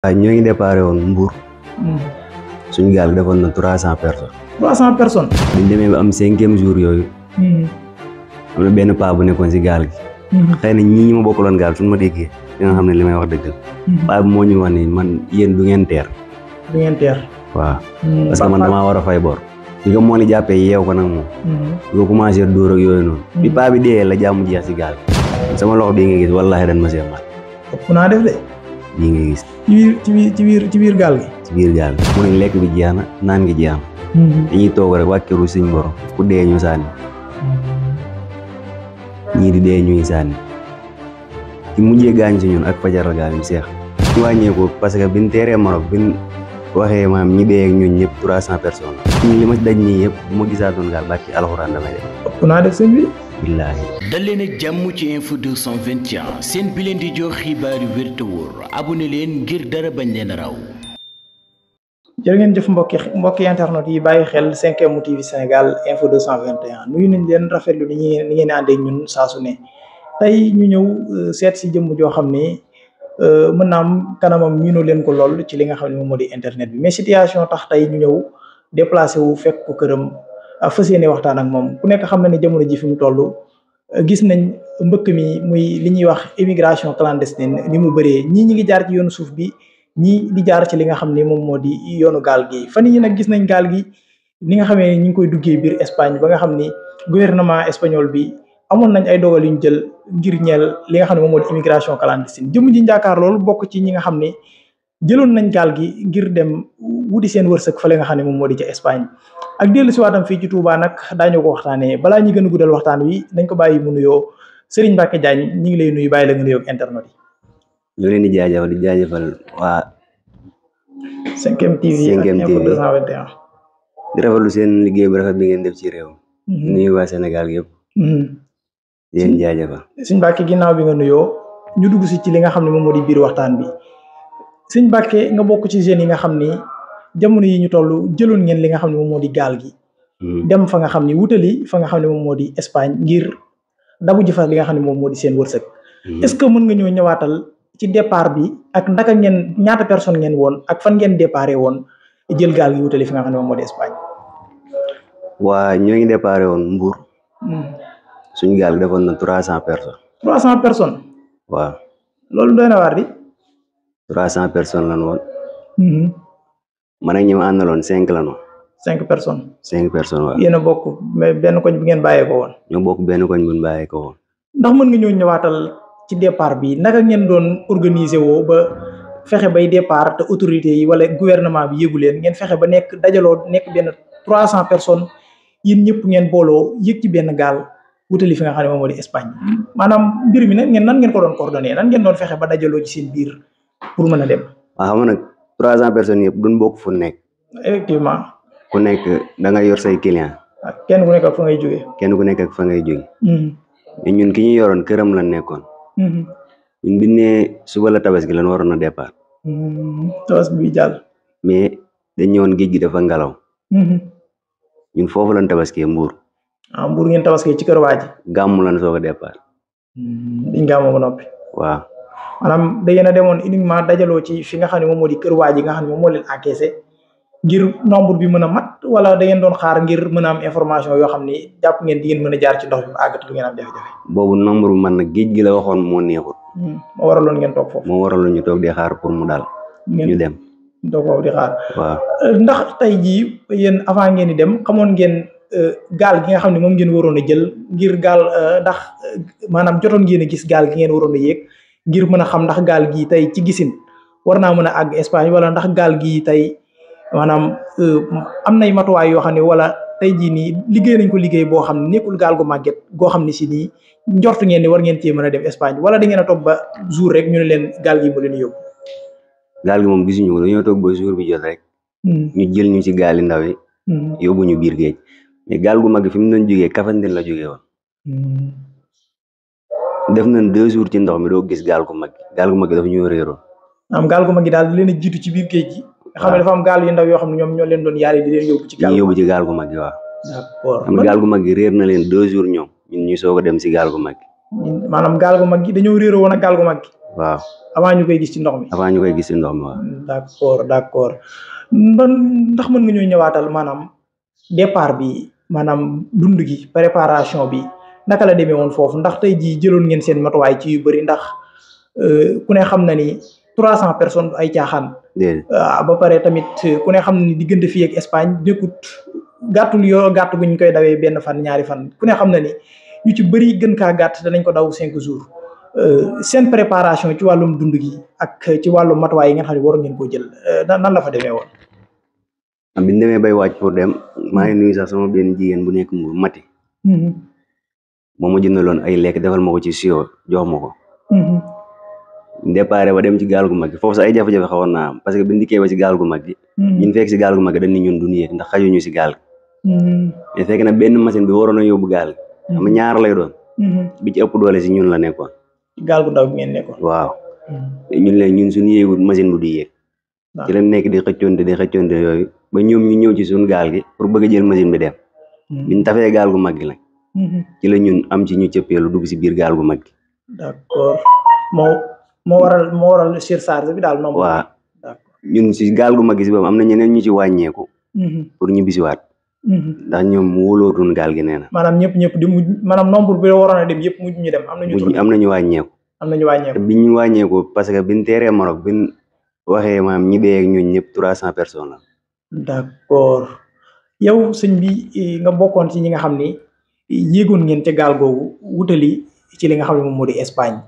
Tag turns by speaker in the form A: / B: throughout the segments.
A: waaye ñoo ngi déparé woon Mbour. Hmm. suñu gaal defoon na trois cent personnes. trois cent personnes. bu demee ba am cinquième jour yooyu. Hmm. am na benn paa bu nekkoon si gaal gi. Hmm. xëy na ñii ñi ma bokkaloon gaal suñu ma déggee di nga xam ne li may wax dëgg la. paa moo ñu wax ni man yéen du ngeen teer. du ngeen teer. waaw parce war a fay bor. li ko moo ni jàppee yeew ko nag moom. di ko ak yooyu noonu. bi paa dee la jàmm jeex si gaal gi. sama loxo bii nga gis wallaahi dañ ma see mal. ëpp bii ngay gis. ci biir ci ci biir ci biir gaal ci biir gaal gi mu ne lekk bi jeex na naan gi jeex na. Mhm. dañuy toog rek wàkkiru suñ borom ku dee ñu sànni. Mhm. ñii di dee ñuy sànni. ci mujjee gaañ si ñun ak fajaral gaal ñu seex. ñu wàññeeku parce que biñ teeree Maroc biñ waxee maam ñi dee ñun ñëpp trois cent personnes la. ñun li ma dañ nii yëpp bu ma gisaatoon gaal bàcc alxuraan damay def.
B: ëpp def sëñ bi. billahi dal leen ak jàmm ci info 221 seen bi leen di jox xibaar yu wér te wóor abonné leen ngir dara bañ leen raw jërë ngeen jëf mbokki mbokki internet yi bàyyi xel 5M TV Sénégal info 221 nuyu nañ leen rafetlu ni ñu ni ngeen àndee ñun saasu ne tey ñu ñëw euh, seet si jëmm joo xam ne euh, mën naa am kanamam miinu leen ko lool ci li nga xam ne moom moo di internet bi mais situation tax tey ñu ñëw déplacé wu fekk ko këram fas yéene waxtaan ak moom ku nekk xam na ne jamono ji fi mu toll gis nañ mbëkk mi muy li ñuy wax immigration clandestine ni mu bëree ñii ñi ngi jar ci yoonu suuf bi ñii di jaar ci li nga xam ne moom moo di yoonu gaal gi fan yi nag gis nañ gaal gi ni nga xamee ñu ngi koy duggee biir Espagne ba nga xam ni gouvernement espagnol bi amoon nañ ay dogal yu ñu jël ngir ñeel li nga xam ne moom moo di immigration clandestine jëm ji njaakaar loolu bokk ci ñi nga xam ne jëlool nañ gaal gi ngir dem di seen wërsëg fële nga xam ne moom moo di ca Espagne ak dellu si waatam fii ci baa nag daañu ko waxtaanee balaa ñu gën a guddal waxtaan wi nañ ko bàyyi mu nuyoo Serigne Mbacké Diagne ñu ngi lay nuyu bàyyi la nga nuyoog internet
A: ñu leen di jaajëfal di jaajëfal waa. 5M TV 5M liggéey bu rafet ngeen def ci réew. Mhm. nuyu waa Sénégal yëpp. Mhm. di leen jaajëfal.
B: Serigne ginnaaw bi nga nuyoo ñu dugg si ci li nga xam ne moom moo di biir waxtaan bi. sëñ Mbàkke nga bokk ci jeunes yi nga xam ni jamono yi ñu toll jëloon ngeen li nga xam ne moom moo di gaal gi. Hmm. dem fa nga xam ni wutali fa nga xam ne moom moo di Espagne ngir dabu ji fa li nga xam ne moom moo di seen wërsëg. Hmm. est-ce que mën nga ñëw ñëwaatal ci départ bi ak ndaka ngeen ñaata personne ngeen woon ak fan ngeen déparé woon jël gaal gi wutali fi nga xam ne moom moo di Espagne.
A: waa ñoo ngi déparé woon Mbour. Hmm. suñu gaal gi na trois cent personnes.
B: trois cent personnes.
A: trois cent personnes lan woon. Mm-hmm. man ak ñi cinq lan woon.
B: cinq personnes.
A: cinq personnes waaw. bokk mais benn koñ bi ngeen bàyyeekoo woon. ñoo bokk benn koñ bu ñu bàyyeekoo woon.
B: ndax mën nga ñëw ñëwaatal ci départ bi naka ngeen doon organiser woo ba fexe bay départ te autorités yi wala gouvernement bi yëgu leen ngeen fexe ba nekk dajaloo nekk benn trois cent personnes yéen ñëpp ngeen booloo yëg ci benn gaal wutali fi nga xam ne moom moo di Espagne maanaam mbir mi nan ngeen doon fexe ba dajaloo ci seen biir. pour mën a dem.
A: waaw xam nga nag trois cent personnes yëpp duñ bokk fu nekk. effectivement. ku nekk da nga yor say client kenn ku nekk ak fa ngay
B: mm-hmm.
A: ki ñu yoroon këram la nekkoon. Mm-hmm. ñun biñ ne suba la tabaski lan waroon a départ.
B: Mm-hmm.
A: tabaski bi jàll. mais dañ ñëwoon géej gi dafa ngelaw. ñun foofu lan tabaskee mbuur. ah mbuur ngeen tabaskee ci kër waa ji. a
B: maanaam da yéen a demoon uniquement dajaloo ci fi nga xam ne moom moo di kër waa nga xam ne moom moo leen encaissé ngir nombre bi mën a mat wala da doon xaar ngir mën a am information yoo xam ni jàpp ngeen di ngeen mën a jaar ci bi àggatu du ngeen am jafe-jafe.
A: boobu nombre bi gi la waxoon moo neexut. Hmm, moo waraloon ngeen toog foofu. moo waraloon ñu toog di xaar pour mu daal. ñu dem.
B: toog foofu di xaar. waaw euh, ndax tey jii yéen avant ngeen di dem xamoon ngeen. Euh, gaal gi nga xam ne moom ngeen waroon a jël ngir gaal euh, ndax maanaam jotoon ngeen a gis gaal gi ngeen waroon a yéeg ngir mën a xam ndax gaal gi tey ci gisin war naa mën a àgg Espagne wala ndax gaal gi tey maanaam euh, am nay matuwaay yoo xam ne wala tey jii nii liggéey nañ ko liggéey boo xam ne nekkul gaal gu màgget goo xam ne si nii njortu ngeen ni war ngeen cee mën a dem Espagne wala da ngeen a toog ba jour rek ñu ne leen gaal gi mu leen
A: gaal gi moom gisuñu ko dañoo toog ba bi jot rek. Hmm. ñu jël ñu ci gaal yi ndaw yi. Hmm. yóbbu ñu biir gu mag fi mu doon jógee Kafandin la jógee woon.
B: Hmm.
A: def nañ deux jours ci ndox mi doo gis gaal gu mag gaal gu mag dafa ñoo réeroon.
B: am gaal gu mag daal leen a jiitu ci biir géej gi. nga xam ne dafa gaal yu ndaw yoo xam ne ñoom ñoo leen doon yaale di
A: leen yóbbu ci. gaal yóbbu mag yi réer na leen deux jours ñoom ñun ñu soog a dem si gaal gu mag
B: maanaam gaal gu mag yi dañoo réeroo woon ak gaal gu mag waaw avant ñu koy gis ci ndox mi.
A: avant ñu koy gis ci ndox mi waaw.
B: d'accord d'accord man ndax man nga ñoo ñëwaatal maanaam départ bi maanaam dund gi préparation bi naka la demee woon foofu ndax tey jii jëloon ngeen seen matuwaay ci yu bëri ndax euh, ku ne xam na ni trois cent personnes ay caaxaan. Ah, ba pare tamit euh, ku ne xam na ni gën fii ak Espagne nekkut gàttul yoo gàtt bu ñu koy dawee benn fan ñaari fan ku ne xam na ni ñu ci bëri gën kaa gàtt danañ ko daw cinq jours. Euh, seen préparation ci wàllum dund gi ak ci wàllum matuwaay yi nga xam ne war ngeen koo jël nan la fa demee woon.
A: am bi bay wàcc pour dem maa ngi nuyu sax bu nekk mati. Mm-hmm. moo ma loon ay lekk defal ma ko ci siwo jox ma ko mm-hmm. ba dem ci gaal gu mag gi foofu sax ay jafe-jafe xawoon naam am parce que bi ndikkee gaal gu mag gi mm-hmm. ñun fekk si gaal gu mag gi ñun si gaal gi mm-hmm. mais fekk na benn machine bi waroon a yóbbu gaal gi ñaar lay doon ëpp doole si ñun la nekkoon
B: gaal gu ndaw bi ngeen nekkoon
A: waaw ñun leen ñun suñu yéegul machine bu du yéeg ci leen nekk di xëccoonte di xëccoonte yooyu ba ñoom ñu ñëw ci suñu gaal gi pour bëgg a jël machine bi dem biñ tafee gaal gu mag gi lañ Mhm. ci la ñun am ci ñu cëppeelu dugg si biir gaal gu mag gi.
B: d'accord moo moo waral moo waral surcharge bi daal moom. wa
A: ñun si gaal gu mag gi si am na ñeneen ñu ci wàññeeku. Mhm. pour ñu bisiwaat. Mhm. ndax ñoom wóolootuñu gaal gi nee na.
B: maanaam ñëpp ñëpp di mujj maanaam nombre bi waroon dem yëpp mujj ñu dem. am na ñu am
A: na ñu wàññeeku. am na ñu wàññeeku bi ñu wàññeeku parce que biñ teeree Maroc biñ waxee maam ñi dee ñun ñëpp trois cent personnes la.
B: d'accord yow sëñ bi eh, nga bokkoon ci ñi nga xam ni yéegoon ngeen ca gaal googu wutali ci li nga xam ne moom moo di Espagne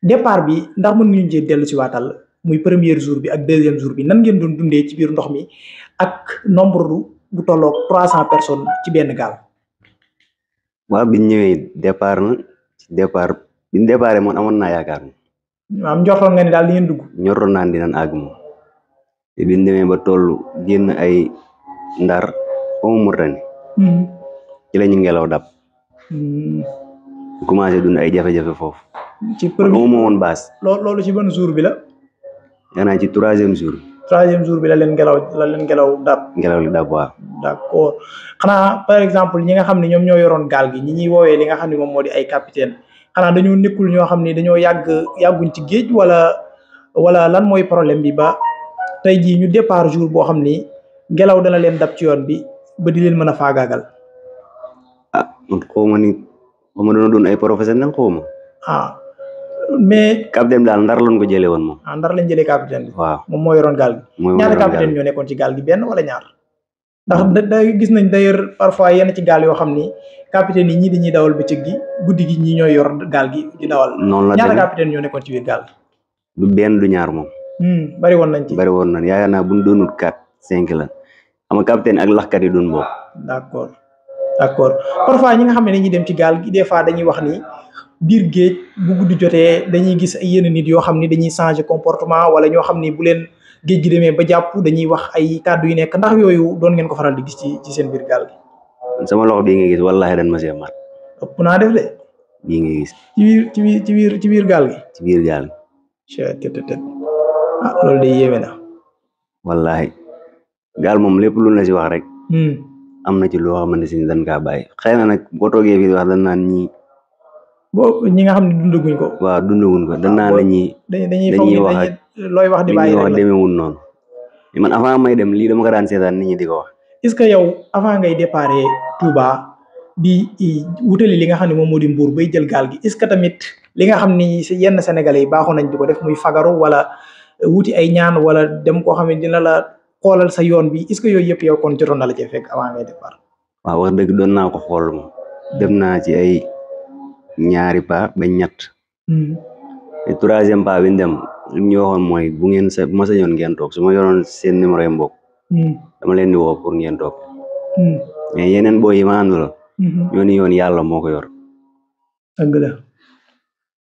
B: départ bi ndax mën ngeen cee dellu si waatal muy première jour bi ak deuxième jour bi nan ngeen doon dundee biir ndox mi ak nombre bu tolloog trois cent personnes ci benn gaal.
A: waaw biñ ñëwee départ na ci départ biñ départ moom amoon na yaakaar moom.
B: maanaam njortoon nga ni
A: daal di ngeen dugg. njortoon naa dinañ àgg moom te biñ ba toll génn ay ndar ba murtani. Hmm. ci la ñu ngelaw dab. commencé dund ay jafe-jafe foofu. ci premier amu ma woon loolu ci ban jour bi la. yaakaar naa ci troisième jour.
B: troisième jour bi la leen ngelaw la ngelaw dab.
A: ngelaw li dab waaw.
B: d'accord xanaa par exemple ñi nga xam ne ñoom ñoo yoroon gaal gi ñi ñuy woowee li nga xam ne moom moo di ay capitaine xanaa dañoo nekkul ñoo xam ni dañoo yàgg yàgguñ ci géej wala wala lan mooy problème bi ba tey jii ñu départ jour boo xam ni ngelaw dana leen dab ci yoon bi ba di leen mën a faagaagal.
A: xawma ni ba ma doon doon ay professionnel xawma ah mais capitaine daal ndar lañ ko jëlee woon moom
B: ah ndar lañ jëlee capitaine bi waaw moom moo yoroon gaal gi ñaata capitaine ñoo nekkoon ci gaal gi benn wala ñaar ndax da gis nañ d'ailleurs parfois yenn ci gaal yoo xam ni capitaine yi ñii dañuy dawal bëccëg gi guddi gi ñii ñooy yor gaal gi di dawal noonu la ñaata capitaine ñoo nekkoon ci biir gaal
A: du benn du ñaar moom
B: hmm, bari woon nañ
A: ci bari woon nañ yaakaar naa buñ doonul quatre cinq la ama capitaine ak laxkat yi doon boobu
B: d'accord d'accord parfois ñi nga xam ne dañuy dem ci gaal gi des fois dañuy wax ni biir géej bu guddi jotee dañuy gis ay yenn nit yoo xam ni dañuy changer comportement wala ñoo xam ni bu leen géej gi demee ba jàpp dañuy wax ay kàddu yu nekk ndax yooyu doon ngeen ko faral di gis ci ci seen biir gaal gi.
A: sama loxo bii nga gis wallaahi dañ ma see mat.
B: ëpp naa def de. bii gis. ci biir ci
A: biir ci biir ci gaal gi. ci biir gaal gi. ah loolu de yéeme na. wallaahi gaal moom lépp lu la si wax rek. Hmm. am na ci loo xamante ne dañ kaa bàyyi xëy na nag boo toogee fii wax dañ naan ñi. boo ñi nga xam ne dundaguñ ko. waaw dundaguñ ko dañ naan la ñuy. dañuy wax ak looy wax di bàyyi rek la demeewul noonu. man avant may dem lii dama ko daan seetaan ni ñi di ko wax.
B: est-ce que yow avant ngay départ Touba di wutali li nga xam ne moom moo di Mbour bay jël gaal gi est-ce que tamit li nga xam ni yenn Sénégalais yi baaxoon nañ di ko def muy fagaru wala wuti ay ñaan wala dem koo xam ne dina xoolal sa yoon bi est ce que yooyu yëpp yow kon jotoon na la cee fekk avant ngay départ.
A: waaw wax doon naa ko xool moom dem naa ci ay ñaari pas ba ñett. Hmm. et troisième pas dem li ñu waxoon mooy bu ngeen sa bu ma sañoon ngeen toog su ma yoroon seen numéro yi mbokk. Hmm. dama leen di woo pour ngeen toog. Hmm. mais yeneen boo yi ma àndul. yoon yoon yàlla moo ko yor.
B: la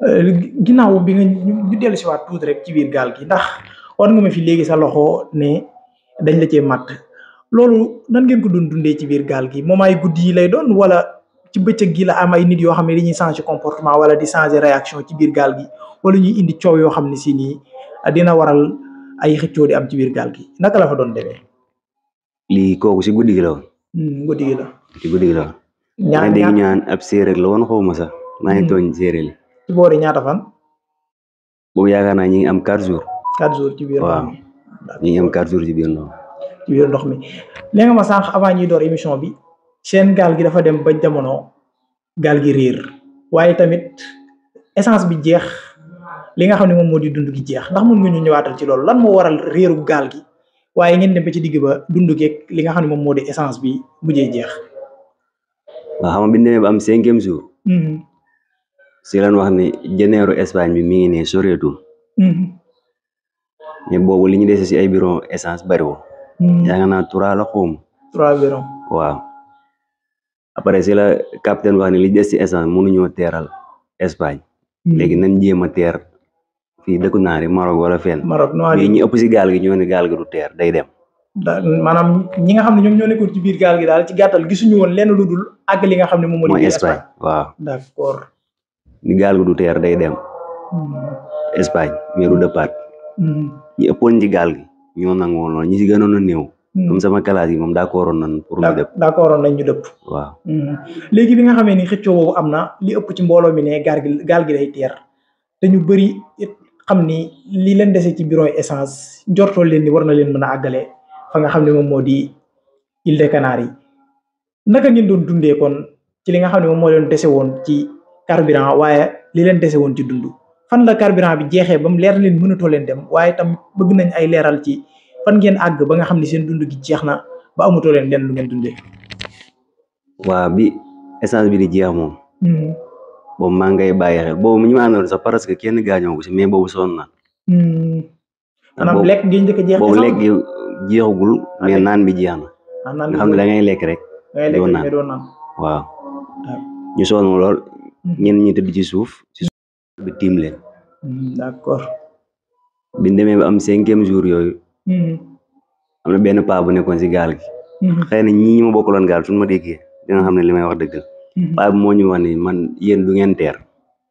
B: euh, ginnaaw bi nga ñu dellu si waat tuuti rek ci biir gaal gi ndax war nga ma fi léegi sa loxo ne dañ la cee matt loolu nan ngeen ko doon dundee ci biir gaal gi moom ay guddi yi lay doon wala ci bëccëg gi la am ay nit yoo xam ne dañuy changer comportement wala di changer réaction ci biir gaal gi wala ñu indi coow yoo xam ne si nii dina waral ay xëccoo di am ci biir gaal gi naka la fa doon demee.
A: lii kooku si guddi gi la woon.
B: Hmm, guddi gi la. si guddi la woon. ñaar ñaan
A: ab séeréer la woon xaw ma sax. maa ngi hmm. tooñ séeréer la.
B: ci boori ñaata fan.
A: boobu yaakaar naa ñu ngi am quatre jours.
B: quatre jours ci biir waaw.
A: ñu am quatre jours ci biir ndox
B: ci biir ndox mi nee ma sànq avant ñuy door émission bi seen gaal gi dafa dem ba jamono gaal gi riir waaye tamit essence bi jeex li nga xam ne moom moo di dund gi jeex ndax mën nga ñu ñëwaatal ci loolu lan moo waral réeru gaal gi waaye ngeen ci digg ba dund geeg li nga xam ne moom moo di essence bi mujjee jeex.
A: waaw xam nga bi ñu ba am cinquième jour. Mhm. si lan wax ne jëneeru Espagne bi mi ngi ne soreetul. Mhm. mais boobu li ñu dese si ay bureau essence bariwul. Hmm. yaa nga naa trois la xawma. trois bureau waaw. après si la capitaine wax ne li des si essence mënuñoo teeral Espagne. Hmm. léegi nañ jéem a teer fii dëkku naari Maroc wala fenn. Maroc mais ñi ëpp si gaal gi ñoo ne gaal gi du teer day dem.
B: maanaam ñi nga xam ne ñoom ñoo nekkoon ci biir gaal gi daal ci gàttal gisuñu woon lenn lu dul àgg li nga xam ne moom moo di. Espagne waaw d'accord.
A: ni gaal gi du teer day dem. Hmm. Espagne mais du départ. ñi ëppoon ci gaal gi ñoo nangoon lool ñi si gënoon néew. Hmm. comme sama classe yi moom d'accord woon nañ pour ñu dëpp d'accord woon nañ ñu dëpp waaw
B: hmm. léegi bi nga xamee ni xëccoo am na li ëpp ci mbooloo mi ne gaal gi gaal gi teer te ñu bëri xam ni li leen dese ci bureau essence njortoo leen ni war na leen mën a àggale fa nga xam ne moom moo di Îles des Canaries yi naka ngeen doon dundee kon ci li nga xam ne moom moo leen dese woon ci carburant waaye li leen dese woon ci dund fan la carburant bi jeexee ba mu leer leen mënatoo leen dem waaye tam bëgg nañ ay leeral ci fan ngeen àgg ba nga xam ne seen dund gi jeex na ba amatoo leen lu ngeen dundee.
A: waaw bi bi di jeex moom. Hmm. boobu maa ngay bàyyi xel boobu ñu ma que kenn gaañoo ko si mais boobu na. Hmm. Ah, maanaam lekk
B: a jeex. boobu lekk gi
A: jeexagul ah, mais naan bi jeex na. Ah, nga xam ne da lekk rek. doo naan waaw. ñu sonn lool. Hmm. ñenn ñi tëdd ci suuf. ba tiim leen.
B: Mm, d'accord.
A: biñ demee ba am cinquième jour yooyu. Mm-hmm. am na benn paa bu nekkoon si gaal gi. Mm-hmm. xëy na ñii ma bokkaloon gaal suñu ma déggee dina xam ne li may wax dëgg la. Mm-hmm. paa ñu wax ni man yéen du ngeen teer.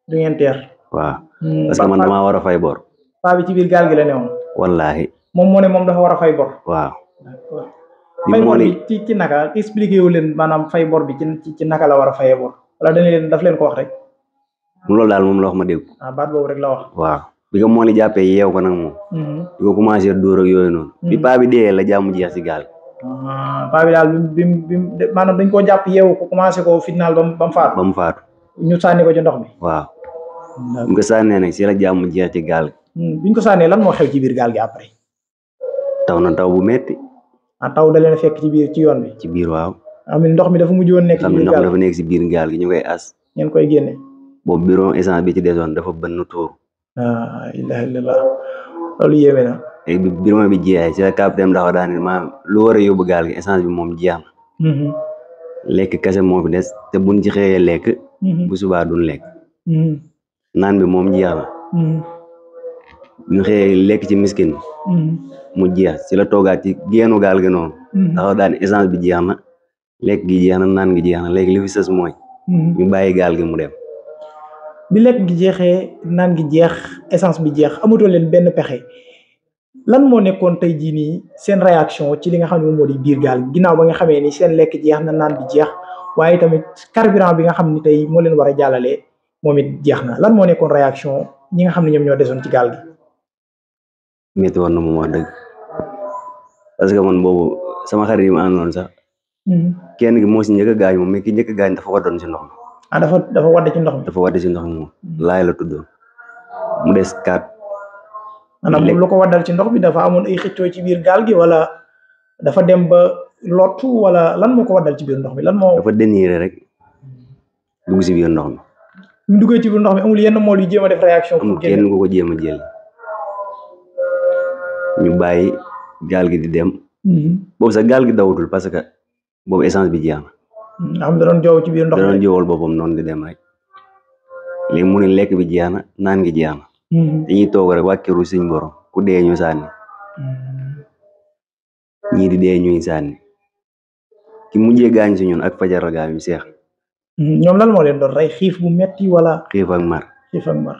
A: du ngeen teer. waaw
B: mm, parce que man damaa war a fay bor. paa bi ci biir gaal gi la newoon. o moom moo ne moom dafa war a fay bor. waaw. fay bor bi ci ci naka expliqué wu leen maanaam fay bor bi ci naka la war a fayee bor wala dañ daf leen ko wax rek.
A: loolu daal moom la wax ma dégg.
B: ah baat rek la wax.
A: waaw bi ko moo ni jàppee yeew ko nag moom. di mhm. ko commencé dóor ak yooyu noonu. bi mhm. paa bi dee la jàmm jeex si gaal. Ah,
B: paa bi daal maanaam dañ koo jàpp yeewu ko commencé koo fitnaal ñu sànni ko ci ndox mi.
A: waaw. bu sànnee nag si jàmm jeex ci gaal.
B: Hmm, bi ko sànnee lan moo xew ci biir gaal gi après.
A: taw na taw bu metti a ah, taw da leen fekk ci biir ci yoon bi. ci biir waaw. am ndox mi dafa mujj woon nekk. ci biir gaal gi ndox nekk si biir gaal gi ñu koy as. ngeen koy génne. boobu biron instant bi ci desoon dafa bënn tuur
B: ah lu illallah na
A: léegi biron bi jeexee ci la capitaine dafa daa ne maanaam lu war yóbbu gaal gi instant bi moom jeex na mm-hmm. lekk kese moo des te buñ ci lekk mm-hmm. bu subaa duñ lekk mm-hmm. naan bi moom jeex na ñu lekk ci miskin mu jeex ci la toogaat ci yenu gaal gi noonu dafa daan essence bi jeex na lekk gi jeex na naan gi jeex na léegi li fi sës mooy ñu bàyyi gaal gi mu dem
B: bi lekk gi jeexee naan gi jeex essence bi jeex amatoo leen benn pexe lan moo nekkoon tey jii nii seen réaction ci li nga xam ne moom moo di biir ginnaaw ba nga xamee ni seen lekk jeex na naan bi jeex waaye tamit carburant bi nga xam ni tey moo leen war a jàllale moom it na lan moo nekkoon réaction ñi nga xam ne ñoom ñoo desoon ci gaal gi.
A: métti woon na moom wax dëgg parce que man boobu sama xarit yi ma àndoon sax. Mm-hmm. kenn gi moo si njëkk a gaañ moom mais ki njëkk gaañ dafa ko doon si ndox a ah, dafa dafa wadd ci ndox mi. dafa ndox laay la tuddoon mu des kaat. maanaam
B: lu ko waddal ci ndox mi dafa amoon ay xëccoo ci biir gaal gi wala dafa dem ba lottu wala lan moo ko waddal ci biir ndox mi lan moo.
A: dafa déniré rek dugg si biir ndox mi.
B: duggee ci biir ndox mi amul yenn mool yu jéem a def réaction. amul kenn ku
A: ko jéem a jël ñu bàyyi gaal gi di dem. Mhm. boobu sax gaal gi dawatul parce que boobu essence bi jeex
B: am da doon ci biir ndox mi da doon
A: joowal boppam noonu di dem rek léegi mu ne lekk bi jeex na naan ngi jeex na hmm. ñi toog rek wàkkiru suñ borom ku dee ñu sànni hmm. ñii di dee ñuy sànni ki mujjee gaañ si ñun ak fajaral gaañ bi seex
B: hmm, ñoom lan moo leen doon rey xiif bu metti wala xiif ak mar xiif ak mar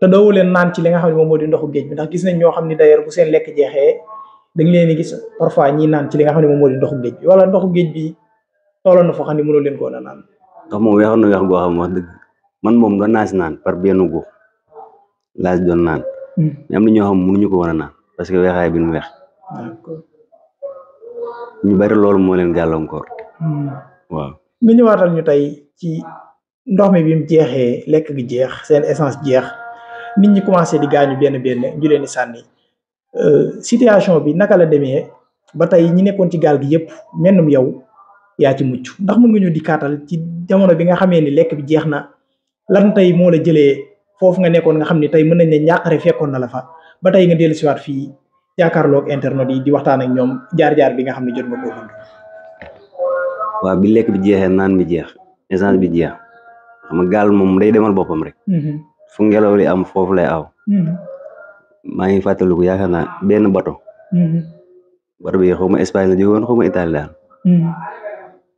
B: te doowu leen naan ci li nga xam ne moom moo di ndoxu géej bi ndax gis nañ ñoo xam ne d'ailleurs bu seen lekk jeexee dañ leen di gis parfois ñi naan ci li nga xam ne moom moo di ndoxu géej bi wala ndoxu géej bi tooloon na foo xam ne mënoo leen koo na naan.
A: ndox moom weexoon na weex goo xam wax dëgg man moom doon naa si naan par benn góob laa si doon naan. Hmm. mais am ñoo xam mënuñu ko war a naan parce que weexaay bi nu weex. ñu bari loolu moo leen gàllankoor. Hmm. waaw
B: nga ñëwaatal ñu tey ci ndox mi bi mu jeexee lekk gi jeex seen essence jeex nit ñi commencé di gaañu benn benn ñu leen di sànni euh, situation bi naka la demee ba tey ñi nekkoon ci gaal gi yëpp mennum yow yaa ci mucc ndax mën nga ñoo di kaatal ci jamono bi nga xamee ni lekk bi jeex na lan tey moo la jëlee foofu nga nekkoon nga xam ni tey mën nañ ne ñàqare fekkoon na la fa ba tey nga dellusiwaat fii jaakaarloog internet yi di waxtaan ak ñoom jaar-jaar bi nga xam ne jot nga
A: koo lekk bi jeexee naan bi jeex essence bi jeex xam nga gaal moom day demal boppam rek. Mm-hmm. fu ngelaw li am foofu lay aw. Mm-hmm. maa ngi fàttaliku yaakaar na benn bato. Mm-hmm. bato bi xaw ma la jógoon xaw ma daal.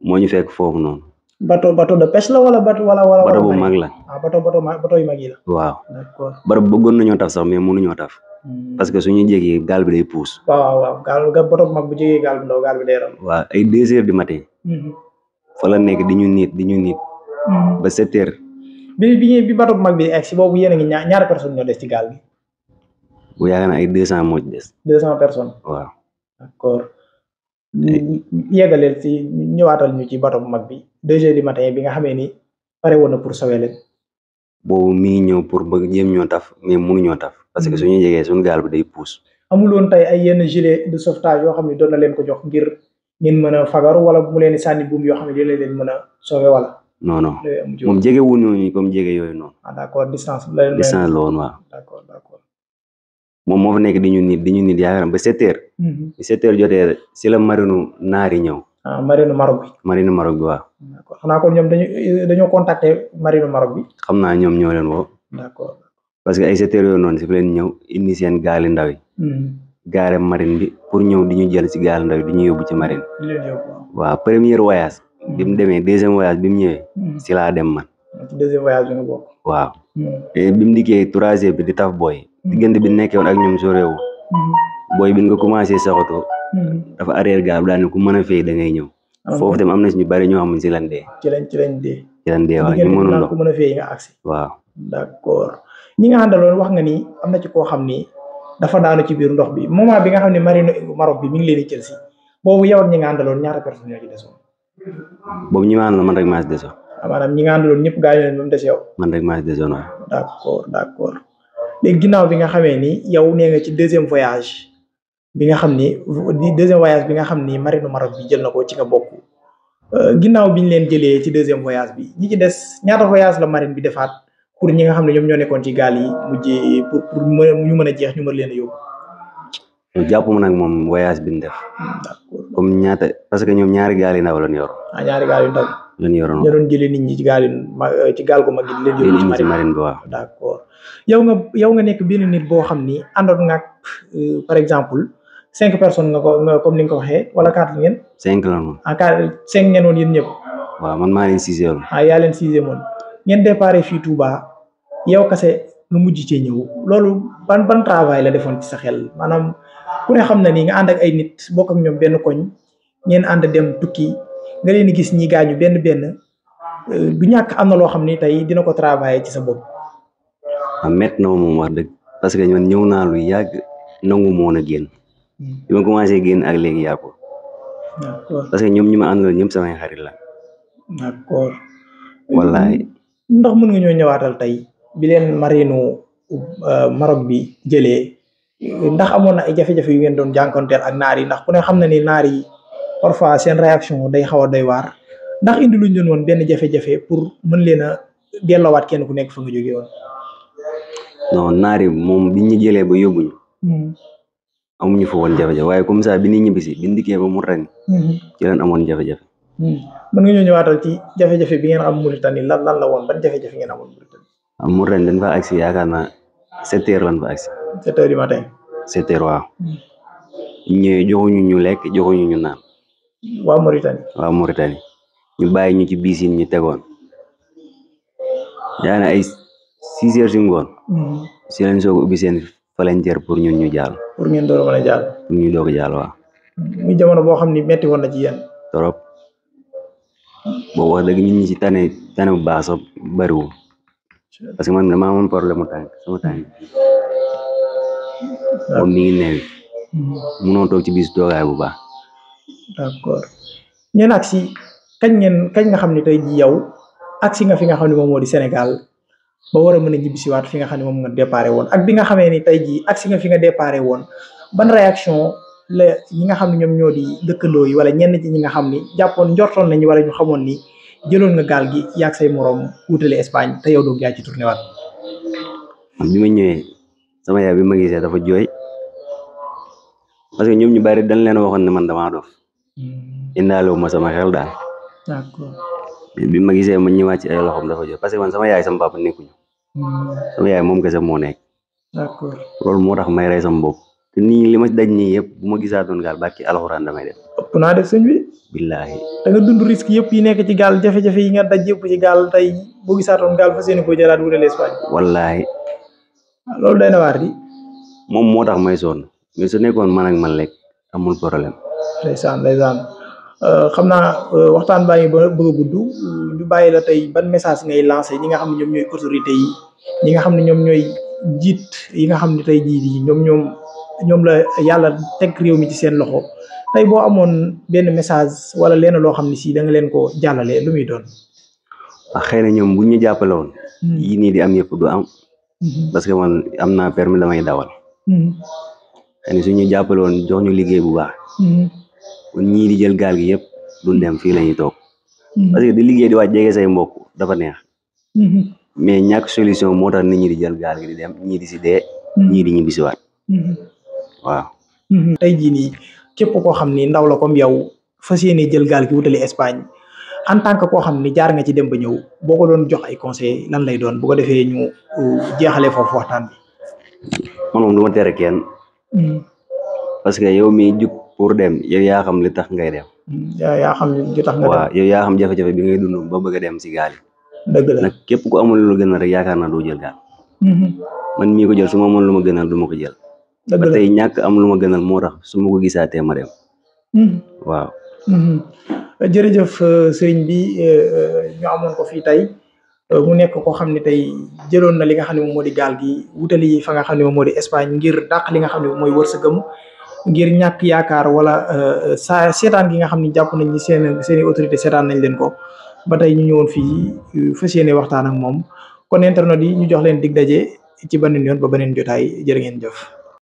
A: moo ñu fekk foofu noonu.
B: bateau bateau de pêche la wala bateau wala wala. bateau bu mag la ah bateau bateau bateau yu mag yi la.
A: waaw d'accord bateau bëggoon nañoo taf sax mais mënuñoo taf. Hmm. parce que suñuy jéggi gaal bi day puus.
B: waaw waaw gaal bu mag bi ndaw gaal bi day ram.
A: ay deux heures du matin. Hmm. fa la di ñu niit ñu niit. Hmm. ba sept heures.
B: bi bi bi bateau bu mag bi egg si boobu yéen a ngi ñaar ñaari des ci gaal bi.
A: bu ay deux cent moo des.
B: deux cent personnes. waaw yeggaleel ci ñëwaatal ñu ci bato bu mag bi deux heures du bi nga xamee ni pare woon na pour sowee leen
A: boobu mi ngi ñëw pour bëgg jéem ñoo taf mais mënuñoo taf parce que mm. suñu jegee suñu gaal bi day puus
B: amuloon tey ay yenn gilet de sauvetage yoo xam ne doon na leen ko jox ngir ngeen mën a fagaru wala mu leen sànni buum yoo xam ne dina leen mën a sauver wala
A: non non moom jege wuñu comme jege yooyu noonu
B: ah d'accord distance la woon waaw d'accord
A: moom moo fa nekk di ñu nit di ñu nit ba sept heures. Mhm. bi sept heures jotee si la marinu naari ñëw. ah marinu Maroc bi. marinu Maroc bi waaw.
B: d'accord xanaa kon ñoom dañu dañoo contacter marinu Maroc bi.
A: xam naa ñoom ñoo leen woo. parce que ay sept heures yooyu si fi leen ñëw indi seen gaali ndaw yi. Mhm. bi pour ñëw di ñu jël si gaal ndaw di ñu yóbbu ci marine. di leen yóbbu waaw première voyage. Mhm. bi demee deuxième voyage bi mu ñëwee. si laa dem man.
B: deuxième voyage bi nga bokk.
A: waaw. bi mu bi di taf booy. diggante bi nekkee woon ak ñoom sóoreewu mm-hmm. booy bi nga commencé saxatoo mm-hmm. dafa arrière gaal daal ne ku mën a fay da ñëw ah, foofu tam am na si ñu bari ñoo xamuñ si lan dee
B: ci lañ ci lañ dee
A: ci lañ dee waaw ñu a
B: fay nga agsi ñi nga àndaloon wax nga ni am na ci koo xam ni dafa daanu ci biir ndox bi moment bi nga xam ne marino Maroc bi mi ngi leen di Chelsea boobu ñi àndaloon ñaata personnes ñoo ci desoon
A: boobu ñi ma àndaloon man rek maa si desoon
B: ah, maanaam ñi nga àndaloon ñëpp gaañu leen ba mu des yow
A: man rek maa si desoon
B: léegi ginnaaw bi nga xamee ni yow nee ci deuxième voyage bi nga xam ni deuxième voyage bi nga xam ni marine Maroc bi jël na ko ci nga bokk euh, ginnaaw bi ñu leen jëlee ci deuxième voyage bi ñi ci des ñaata voyage la marine bi defaat pour ñi nga xam ne ñoom ñoo nekkoon ci gaal yi mujjee pour pour ñu mën jeex ñu ma leen a yóbbu.
A: jàpp mu nag moom voyage bi ñu def. Hmm, comme ñaata parce que ñoom ñaari gaal yu ndaw la ñu ah, ñaari gaal yu ñun yoroon ña doon
B: jëlee nit ñi ci gaal euh, ci gaal gu mag gi leen yóbbu ci bi waaw d' accord yow nga yow nga nekk benn nit boo xam ni àndoon nga euh, par exemple cinq personnes nga ko comme ni nga ko waxee wala quatre ngeen
A: cinq la moom ah
B: quatre cinq ngeen woon yéen ñëpp
A: waaw man maa leen sixième woon
B: ah yaa leen sixième woon ngeen déparé fii Touba yow kase nga mujj ci ñëw loolu ban ban travail la defoon ci sa xel maanaam ku ne xam ne ni nga ànd ak ay nit bokk ak ñoom benn koñ ngeen ànd dem tukki nga leen gis ñi gaañu benn benn euh, du ñàkk am na loo xam ni tey dina ko travailler ci sa bopp.
A: ah métti na moom wax parce que man ñëw naa lu yàgg nangu moo a génn. Hmm. commencé génn ak léegi yàqu. d'accord parce que ñoom ñi a àndaloon ñoom samay xarit la. d'accord. wallaay.
B: ndax mën nga ñoo ñëwaatal tey bi leen marinu euh, Maroc bi jëlee ndax amoon na ay jafe-jafe yu ngeen doon jànkonteel ak naar yi ndax ku ne xam na ni naar yi. parfois seen réaction day xaw a doy waar ndax indi luñ leen woon benn jafe-jafe pour mën leen a delloowaat kenn ku nekk fa nga jógee woon.
A: non naari moom bi ñu jëlee ba yóbbuñu. Hmm. amuñu fa woon jafe-jafe waaye comme ça bi ni ñibbisi bi ndikkee ba mu ren. Hmm. ci leen amoon jafe
B: hmm. ñoo ñëwaatal ci jafe bi ngeen am Mauritanie lan la woon ban jafe-jafe ngeen amoon Mauritanie.
A: Ah, mu ren dañ fa agsi yaakaar naa sept heures lañ fa agsi. sept heures du matin. sept ñu lekk joxuñu ñu naan. waa Mauritanie. waa Mauritanie ñu bàyyi ñu ci biis yi ñu tegoon daana ay six heures si ngoon. Mm-hmm. si lañ soog a ubbi seen falanteer pour ñun ñu jàll. pour ñun doog a mën a jàll. pour ñu doog a jàll waaw.
B: Mm-hmm. jamono boo xam ne metti woon ci yéen.
A: trop boo wax dëgg ñun ñi ci tane tane bu baax sax bariwul parce que man damaa amoon problème mu tànk sama tànk. moom mm-hmm. ci biis toogaay baax.
B: d'accord ngeen agsi kañ ngeen kañ nga xam ne tey jii yow agsi nga fi nga xam ne moom moo di Sénégal ba war a mën a ñibbisiwaat fi nga xam ne moom nga déparé woon ak bi nga xamee ni tey jii agsi nga fi nga déparé woon ban réaction la ñi nga xam ne ñoom ñoo di dëkkandoo yi wala ñenn ci ñi nga xam ni jàppoon njortoon nañu wala ñu xamoon ni jëloon nga gaal gi yaag say moroom wutale Espagne te yow doo jaay ci tourné
A: bi ma ñëwee sama yaay bi ma gisee dafa jooy parce que ñoom ñu bari dañ leen waxoon ne man damaa indaale wu ma sama xel daal. d'accord bi ma gisee ma ñëwaat ci ay loxoom dafa jot parce que man sama yaay sama papa nekkuñu. Hmm. sama yaay moom kese moo nekk. d'accord loolu moo tax may rey sama bopp te nii li ma daj nii yëpp bu ma gisaatoon gaal bàkki alxuraan damay def.
B: ëpp naa def sëñ bi. billaahi. da nga dund risque yëpp yi nekk ci gaal jafe-jafe yi nga daj yëpp ci gaal tey boo gisaatoon gaal fas yéene ko jëlaat wuteel Espagne. wallaahi. loolu day na waar
A: di. moom moo tax may sonn mais su nekkoon man ak man lekk amul problème.
B: ndeysaan ndeysaan euh, xam naa euh, waxtaan baa ngi bëgg a gudd ñu bàyyi la tey ban message ngay lancé ñi nga xam ne ñoom ñooy autorité yi ñi nga xam ne ñoom ñooy jiit yi nga xam ne tey jiit yi ñoom ñoom ñoom la yàlla teg réew mi ci seen loxo tey boo amoon benn message wala leen loo xam ne si da nga leen ko jàllale lu muy doon.
A: a ah, xëy ñoom buñ ñu jàppale hmm. nii di am yëpp du am. Hmm. parce que man am naa permis damay dawal. Hmm. xëy na suñ jox ñu liggéey bu baax. kon ñii di jël gaal gi yëpp duñ dem fii la ñuy toog. Mm-hmm. parce que di liggéey di waaj jege say mbokk dafa neex. Mm-hmm. mais ñàkk solution moo tax nit ñi di jël gaal gi di dem ñii di si dee. Mm-hmm. ñii di ñibbisiwaat. waaw.
B: tey jii nii képp koo xam ni ndaw la comme yow fas yéene jël gaal gi wutali Espagne en tant que koo xam ni jaar nga ci dem ba ñëw boo ko doon jox ay conseil lan lay doon bu defee ñu uh, jeexalee foofu waxtaan
A: man moom du tere kenn. parce que yow mi jug pour dem yow yaa xam li tax ngay dem.
B: Hmm, yaa nga dem waaw
A: yow yaa xam jafe-jafe bi ngay dund ba bëgg a dem si gaal yi. dëgg la nag képp ku amul lu gën a rek yaakaar naa doo jël gaal. Hmm. man mii ko jël su ma lu ma gënal du ko jël. dëgg la ba tey ñàkk am lu ma gënal moo tax su ma ko gisaatee ma dem. Hmm. waaw.
B: jërëjëf euh, sëriñ bi euh, euh, ñu amoon ko fii tey mu nekk koo xam ne tey jëloon na li nga xam ne moo di gaal gi wutali fa nga xam ne moo di Espagne ngir dàq li xam ne mooy wërsëgam ngir ñàkk yaakaar wala euh, saa seetaan gi nga xam ne jàpp nañ ni seen seen autorité seetaan nañ leen ko ba tey ñu ñëwoon fii euh, fas yéene waxtaan ak moom kon internet yi ñu jox leen dig daje ci beneen yoon ba beneen jotaay jërë ngeen jëf.